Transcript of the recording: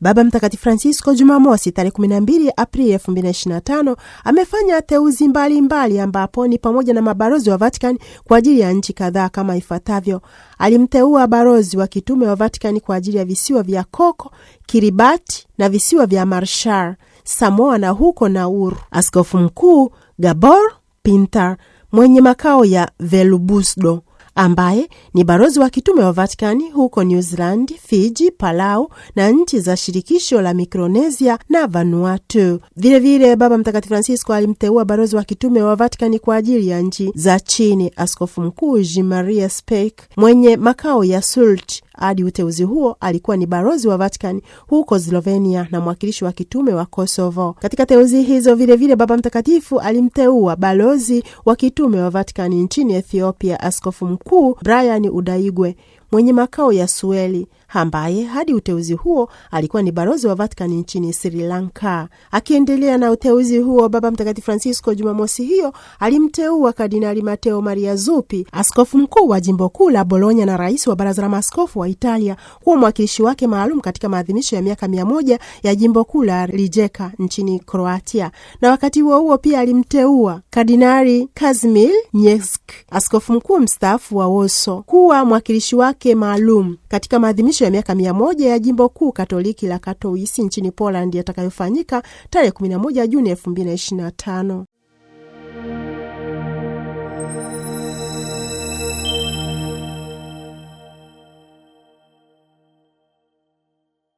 Baba Mtakatifu Francisco Jumamosi tarehe 12 Aprili 2025 amefanya teuzi mbalimbali mbali, ambapo ni pamoja na mabalozi wa Vatican kwa ajili ya nchi kadhaa kama ifuatavyo. Alimteua balozi wa kitume wa Vatican kwa ajili ya visiwa vya Koko, Kiribati na visiwa vya Marshall, Samoa na huko Nauru, askofu mkuu Gabor Pintar mwenye makao ya Velubusdo ambaye ni barozi wa kitume wa Vatikani huko New Zealand, Fiji, Palau na nchi za shirikisho la Mikronesia na Vanuatu. Vilevile Baba Mtakatifu Francisco alimteua barozi wa kitume wa Vatikani kwa ajili ya nchi za chini, Askofu Mkuu Jean Maria mwenye makao ya Sult hadi uteuzi huo alikuwa ni balozi wa Vatican huko Slovenia na mwakilishi wa kitume wa Kosovo. Katika teuzi hizo vilevile vile Baba Mtakatifu alimteua balozi wa kitume wa Vatican nchini Ethiopia, askofu mkuu Brian Udaigwe mwenye makao ya Sueli, ambaye hadi uteuzi huo alikuwa ni balozi wa Vatican nchini Sri Lanka. Akiendelea na uteuzi huo, Baba Mtakatifu Francisco Jumamosi hiyo alimteua Kardinali Mateo Maria Zuppi, askofu mkuu wa jimbo kuu la Bologna na rais wa baraza la maaskofu wa Italia, kuwa mwakilishi wake maalum katika maadhimisho ya miaka mia moja ya jimbo kuu la Rijeka nchini Kroatia. Na wakati huo huo pia alimteua Kardinali Kazimir Nyesk, askofu mkuu mstaafu wa Woso, kuwa mwakilishi wake wake maalum katika maadhimisho ya miaka mia moja ya jimbo kuu katoliki la katowisi nchini Poland yatakayofanyika tarehe 11 Juni 2025.